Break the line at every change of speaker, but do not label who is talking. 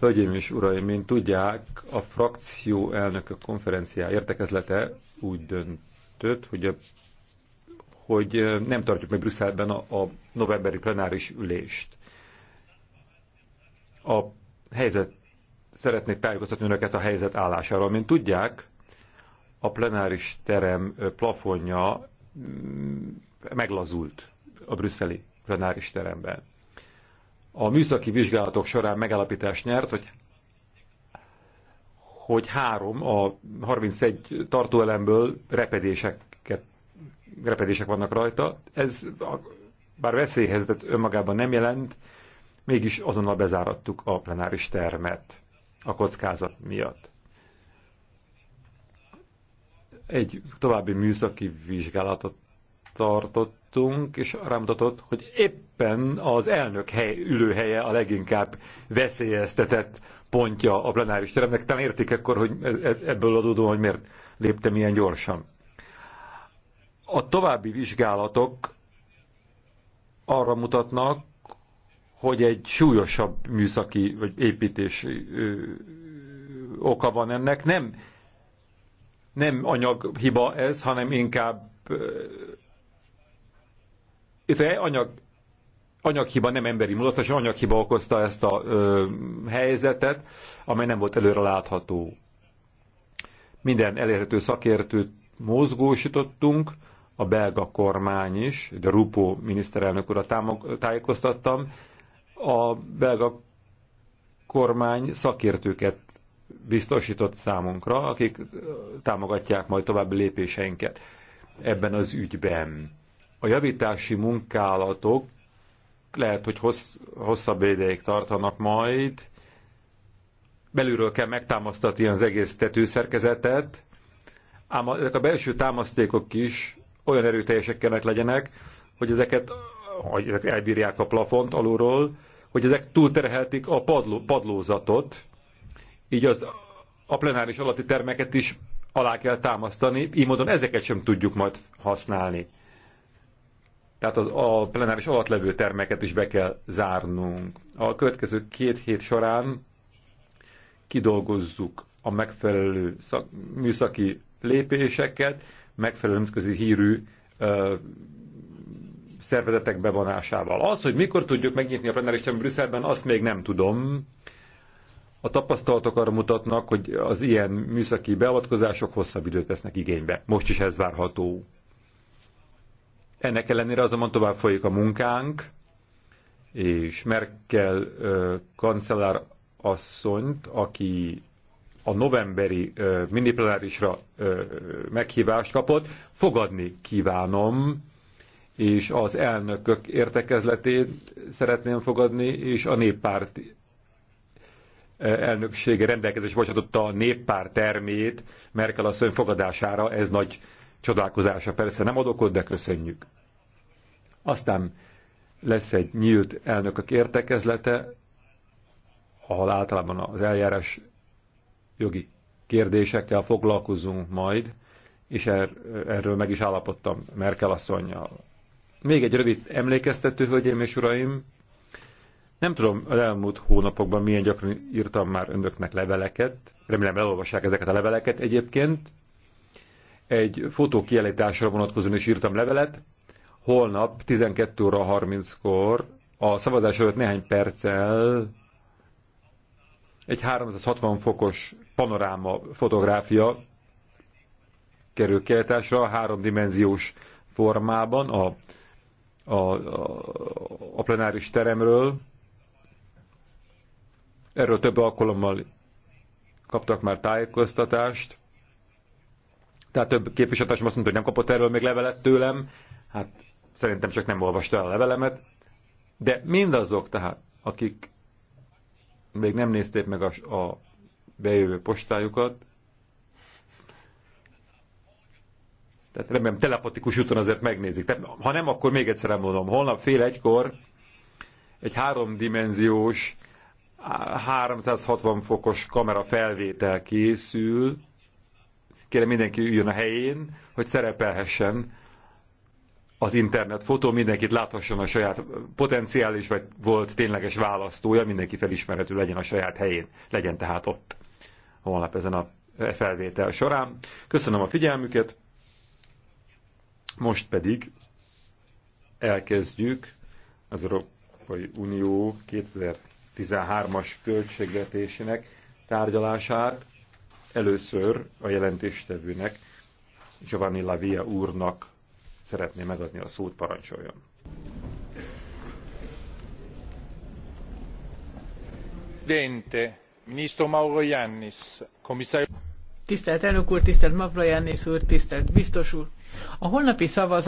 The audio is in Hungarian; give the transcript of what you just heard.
Hölgyeim és uraim, mint tudják, a frakció elnökök konferenciá értekezlete úgy döntött, hogy, a, hogy nem tartjuk meg Brüsszelben a, a novemberi plenáris ülést. A helyzet, szeretnék tájékoztatni önöket a helyzet állásáról. Mint tudják, a plenáris terem plafonja meglazult a brüsszeli plenáris teremben a műszaki vizsgálatok során megállapítást nyert, hogy hogy három a 31 tartóelemből repedések, repedések vannak rajta. Ez bár veszélyhelyzetet önmagában nem jelent, mégis azonnal bezárattuk a plenáris termet a kockázat miatt. Egy további műszaki vizsgálatot tartottunk, és rámutatott, hogy éppen az elnök hely, ülőhelye a leginkább veszélyeztetett pontja a plenáris teremnek. Talán értik akkor, hogy e- e- ebből adódóan, hogy miért léptem ilyen gyorsan. A további vizsgálatok arra mutatnak, hogy egy súlyosabb műszaki vagy építési ö, oka van ennek. Nem, nem anyaghiba ez, hanem inkább itt anyag, anyaghiba, nem emberi mulasztás, anyaghiba okozta ezt a ö, helyzetet, amely nem volt előre látható. Minden elérhető szakértőt mozgósítottunk, a belga kormány is, de Rupo miniszterelnök urat tájékoztattam, a belga kormány szakértőket biztosított számunkra, akik támogatják majd további lépéseinket ebben az ügyben a javítási munkálatok lehet, hogy hossz, hosszabb ideig tartanak majd, belülről kell megtámasztatni az egész tetőszerkezetet, ám a, ezek a belső támasztékok is olyan erőteljesek kellett legyenek, hogy ezeket hogy ezek elbírják a plafont alulról, hogy ezek túlterheltik a padló, padlózatot, így az a plenáris alatti termeket is alá kell támasztani, így módon ezeket sem tudjuk majd használni tehát az, a plenáris alatt levő termeket is be kell zárnunk. A következő két hét során kidolgozzuk a megfelelő szak, műszaki lépéseket, megfelelő nemzetközi hírű ö, szervezetek bevonásával. Az, hogy mikor tudjuk megnyitni a plenáris Brüsszelben, azt még nem tudom. A tapasztalatok arra mutatnak, hogy az ilyen műszaki beavatkozások hosszabb időt vesznek igénybe. Most is ez várható. Ennek ellenére azonban tovább folyik a munkánk, és Merkel kancellár asszonyt, aki a novemberi miniplenárisra meghívást kapott, fogadni kívánom, és az elnökök értekezletét szeretném fogadni, és a néppárt elnöksége rendelkezés bocsátotta a néppárt termét Merkel asszony fogadására, ez nagy csodálkozása persze nem ott, de köszönjük. Aztán lesz egy nyílt elnökök értekezlete, ahol általában az eljárás jogi kérdésekkel foglalkozunk majd, és er, erről meg is állapodtam Merkel asszonynal. Még egy rövid emlékeztető, hölgyeim és uraim. Nem tudom, az elmúlt hónapokban milyen gyakran írtam már önöknek leveleket, remélem elolvassák ezeket a leveleket egyébként, egy fotókiállításra vonatkozóan is írtam levelet. Holnap 12 óra 30-kor a szavazás előtt néhány perccel egy 360 fokos panoráma fotográfia kerül kiállításra háromdimenziós formában a, a, a, a plenáris teremről. Erről több alkalommal kaptak már tájékoztatást. Tehát több képviselőtársam azt mondta, hogy nem kapott erről még levelet tőlem. Hát szerintem csak nem olvasta el a levelemet. De mindazok tehát, akik még nem nézték meg a, a bejövő postájukat, tehát remélem telepatikus úton azért megnézik. Tehát, ha nem, akkor még egyszer elmondom. Holnap fél egykor egy háromdimenziós, 360 fokos kamera felvétel készül, kérem mindenki üljön a helyén, hogy szerepelhessen az internet fotó, mindenkit láthasson a saját potenciális vagy volt tényleges választója, mindenki felismerhető legyen a saját helyén, legyen tehát ott holnap ezen a felvétel során. Köszönöm a figyelmüket, most pedig elkezdjük az Európai Unió 2013-as költségvetésének tárgyalását. Először a jelentéstevőnek, Giovanni Lavia úrnak szeretném megadni a szót, parancsoljon. Dente, Ministro Mauro Jannis, Komisszárius... Tisztelt elnök úr, tisztelt Mavrojannis úr, tisztelt biztos úr! A holnapi szavazat